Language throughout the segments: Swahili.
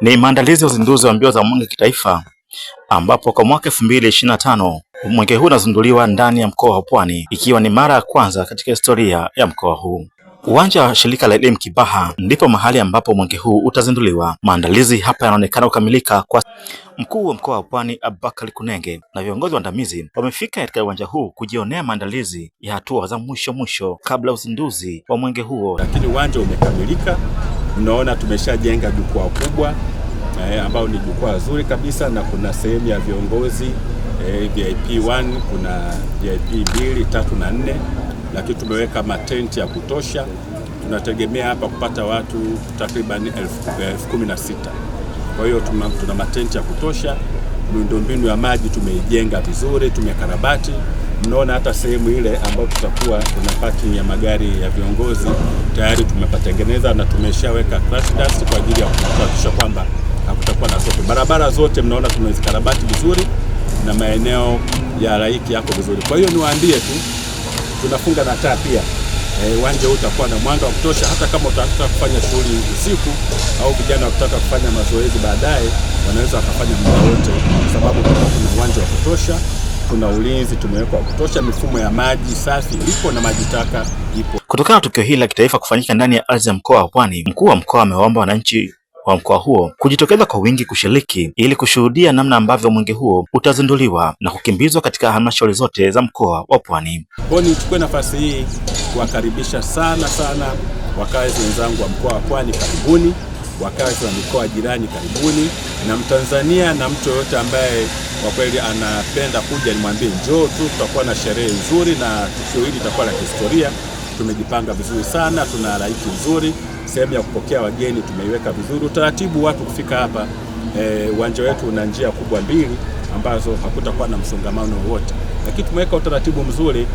Ni maandalizi ya uzinduzi wa mbio za mwenge kitaifa ambapo kwa mwaka 2025 mwenge huu unazinduliwa ndani ya mkoa wa Pwani ikiwa ni mara ya kwanza katika historia ya mkoa huu. Uwanja wa shirika la elimu Kibaha ndipo mahali ambapo mwenge huu utazinduliwa. Maandalizi hapa yanaonekana kukamilika kwa mkuu wa mkoa wa Pwani Abubakar Kunenge na viongozi waandamizi wamefika katika uwanja huu kujionea maandalizi ya hatua za mwisho mwisho kabla uzinduzi wa mwenge huo, lakini uwanja umekamilika. Mnaona tumeshajenga jukwaa kubwa eh, ambao ni jukwaa zuri kabisa, na kuna sehemu ya viongozi eh, VIP 1 kuna VIP 2, 3 na 4, lakini tumeweka matenti ya kutosha. Tunategemea hapa kupata watu takriban elfu kumi na sita. Kwa hiyo tuna matenti ya kutosha. Miundombinu ya maji tumeijenga vizuri, tumekarabati mnaona hata sehemu ile ambayo tutakuwa tuna parking ya magari ya viongozi tayari tumepatengeneza na tumeshaweka crash dust kwa ajili ya kuhakikisha kwamba hakutakuwa na sote. Barabara zote mnaona tumezikarabati vizuri na maeneo ya raiki yako vizuri. Kwa hiyo niwaambie tu tunafunga na taa pia. Eh, uwanja e, huu utakuwa na mwanga wa kutosha, hata kama utataka kufanya shughuli usiku au vijana wakitaka kufanya mazoezi baadaye, wanaweza wakafanya muda wote, kwa sababu kuna uwanja wa kutosha kuna ulinzi tumewekwa kutosha, mifumo ya maji safi ipo na maji taka ipo. Kutokana na tukio hili la kitaifa kufanyika ndani ya ardhi ya mkoa wa Pwani, mkuu wa mkoa amewaomba wananchi wa mkoa huo kujitokeza kwa wingi kushiriki ili kushuhudia namna ambavyo mwenge huo utazinduliwa na kukimbizwa katika halmashauri zote za mkoa wa Pwani. Kwa nichukue nafasi hii kuwakaribisha sana sana wakazi wenzangu wa mkoa wa Pwani, karibuni. Wakazi wa mikoa jirani, karibuni. Na Mtanzania na mtu yoyote ambaye kwa kweli anapenda kuja, nimwambie njoo tu, tutakuwa na sherehe nzuri na tukio hili litakuwa la kihistoria. Tumejipanga vizuri sana, tuna halaiki nzuri, sehemu ya kupokea wageni tumeiweka vizuri. Utaratibu watu kufika hapa eh, uwanja e, wetu una njia kubwa mbili ambazo hakutakuwa na msongamano wowote, lakini tumeweka utaratibu mzuri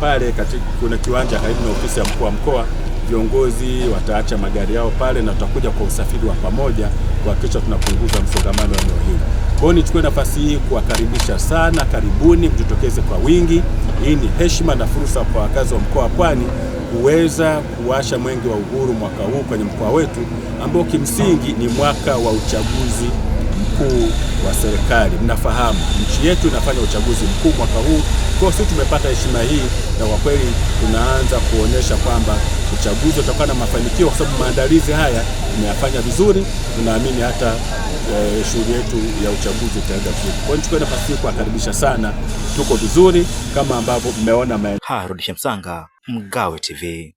pale katika, kuna kiwanja karibu na ofisi ya mkuu wa mkoa. Viongozi wataacha magari yao pale na tutakuja kwa usafiri wa pamoja kuhakikisha tunapunguza msongamano wa eneo kwa nichukue nafasi hii kuwakaribisha sana, karibuni, mjitokeze kwa wingi. Hii ni heshima na fursa kwa wakazi wa mkoa wa Pwani kuweza kuwasha mwenge wa uhuru mwaka huu kwenye mkoa wetu ambao kimsingi ni mwaka wa uchaguzi mkuu wa serikali. Mnafahamu nchi yetu inafanya uchaguzi mkuu mwaka huu, kwa sisi tumepata heshima hii, na kwa kweli tunaanza kuonyesha kwamba uchaguzi utakuwa na mafanikio, kwa sababu maandalizi haya tumeyafanya vizuri, tunaamini hata Eh, shughuli yetu ya uchaguzi itaenda vizuri. Kwa hiyo nichukue nafasi hii kuwakaribisha sana, tuko vizuri kama ambavyo mmeona. Harun Shemsanga, Mgawe TV.